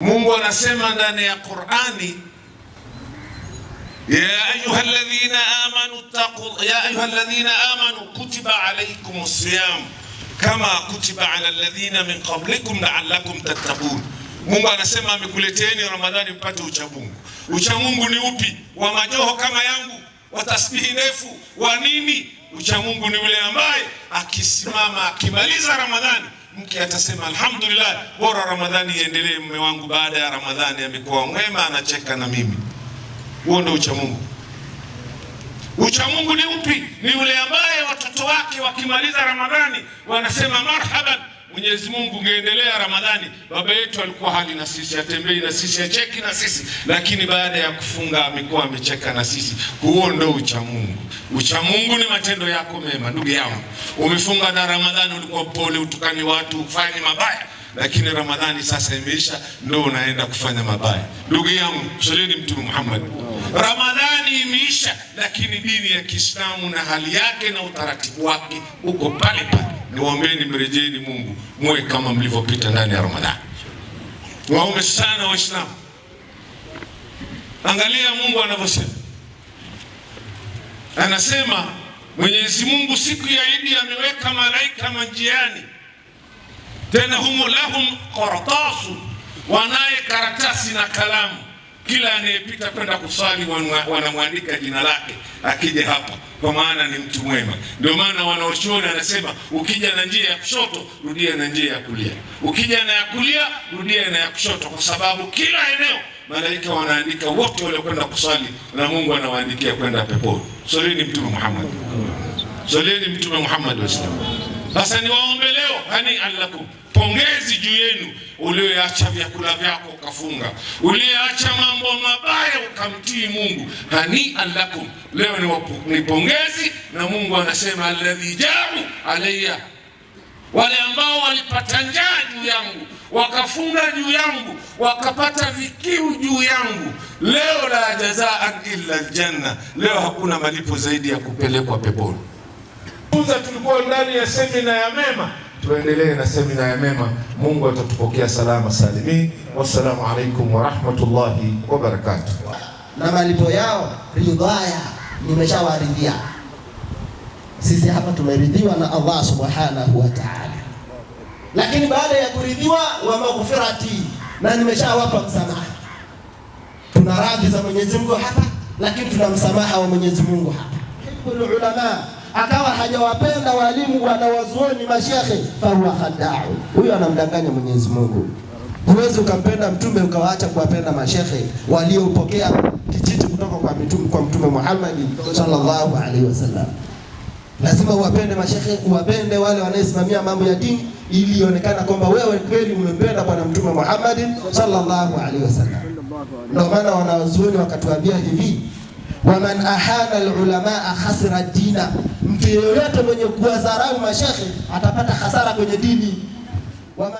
Mungu anasema ndani ya Qur'ani, ya alladhina amanu taqu ya alladhina amanu kutiba alaykumus siyam kama kutiba ala alladhina min qablikum la'allakum tattaqun. Mungu anasema amekuleteeni Ramadhani mpate uchamungu. Uchamungu ni upi? Wa majoho kama yangu, wa tasbihi ndefu, wa nini? Uchamungu ni yule ambaye akisimama akimaliza Ramadhani mke atasema alhamdulillah, bora Ramadhani iendelee. mme wangu baada ya Ramadhani amekuwa mwema, anacheka na mimi. Huo ndo uchamungu. Uchamungu ni upi? Ni yule ambaye watoto wake wakimaliza Ramadhani wanasema marhaban Mwenyezi Mungu ungeendelea Ramadhani, baba yetu alikuwa hali na sisi, atembei na sisi, acheki na sisi, lakini baada ya kufunga amekuwa amecheka na sisi. Huo ndio ucha Mungu. Ucha Mungu ni matendo yako mema, ndugu yangu. Umefunga na Ramadhani, ulikuwa pole, utukani watu, ufanye mabaya lakini Ramadhani sasa imeisha, ndio unaenda kufanya mabaya. Ndugu yangu, msalini Mtume Muhammad. Ramadhani imeisha, lakini dini ya Kiislamu na hali yake na utaratibu wake uko pale pale niwaombeni, mrejeeni Mungu, muwe kama mlivyopita ndani ya Ramadhani. Waombe sana Waislamu, angalia Mungu anavyosema, anasema Mwenyezi Mungu siku ya Idi ameweka malaika manjiani, tena humu lahum qartasu, wanaye karatasi na kalamu kila anayepita kwenda kuswali wanamwandika jina lake akija hapa, kwa maana ni mtu mwema. Ndio maana wanachuoni anasema ukija na njia ya kushoto rudia na njia ya kulia, ukija na ya kulia rudia na ya kushoto, kwa sababu kila eneo malaika wanaandika wote waliokwenda kuswali na Mungu anawaandikia kwenda peponi. Swalieni Mtume Muhammad, swalieni Mtume Muhammad wa sallam. Sasa niwaombe leo hani alakum Pongezi juu yenu, ulioacha vyakula vyako ukafunga, ulioacha mambo mabaya ukamtii Mungu. hani lakum, leo ni pongezi. Na Mungu anasema alladhi jabu alayya, wale ambao walipata njaa juu yangu wakafunga juu yangu wakapata vikiu juu yangu, leo la jazaan illa aljanna, leo hakuna malipo zaidi ya kupelekwa peponi. Tulikuwa ndani ya semina ya mema tuendelee na semina ya mema. Mungu atatupokea salama salimin. Wassalamu alaikum warahmatullahi wabarakatuh. Na malipo yao ridhaya, nimeshawaridhia sisi hapa tumeridhiwa na Allah subhanahu wa ta'ala, lakini baada ya kuridhiwa wa maghfirati, na nimeshawapa msamaha. Tuna radhi za Mwenyezi Mungu hapa, lakini tuna msamaha wa Mwenyezi Mungu hapa. Hibbul ulama akawa hajawapenda walimu wanawazuoni mashekhe, fahuwa khadau, huyo anamdanganya Mwenyezi Mungu. Huwezi ukampenda mtume ukawaacha kuwapenda mashekhe waliopokea kijiti kutoka kwa mitume, kwa mtume Muhammad sallallahu alaihi wasallam. Lazima uwapende mashekhe, uwapende wale wanaosimamia mambo ya dini, ili ionekana kwamba wewe kweli umempenda kwa mtume Muhammad sallallahu alaihi wasallam. Ndio maana wanawazuoni wakatuambia hivi waman ahana alulamaa khasira dina, mtu yeyote mwenye kuwadharau mashekhe atapata hasara kwenye dini waman